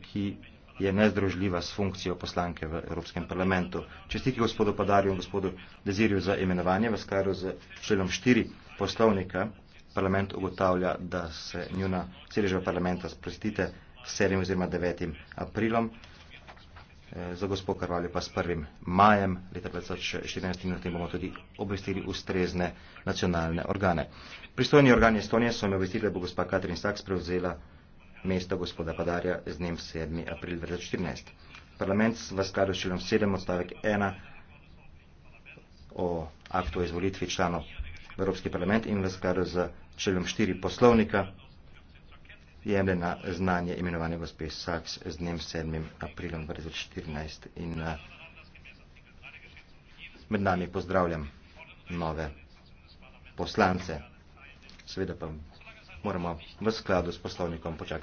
ki je nezdružljiva s funkcijo poslanke v Evropskem parlamentu. Čestitke gospodu Padarju in gospodu Dezirju za imenovanje v skladu z členom 4 poslovnika. Parlament ugotavlja, da se njuna celežba parlamenta sprostite s 7 oziroma 9 aprilom, eh, za gospod Karvalje pa s 1. majem leta 2014 in na tem bomo tudi obvestili ustrezne nacionalne organe. Pristojni organi Estonije so me obvestili, da bo gospa Katrin Saks prevzela mesto gospoda Padarja z dnem 7. april 2014. Parlament v skladu s členom 7 odstavek 1 o aktu o izvolitvi članov Evropski parlament in v skladu z členom 4 poslovnika jemlje na znanje imenovanja gospe Saks z dnem 7. aprilom 2014 in eh, med nami pozdravljam nove poslance. Seveda pa moramo v skladu s poslovnikom počakati.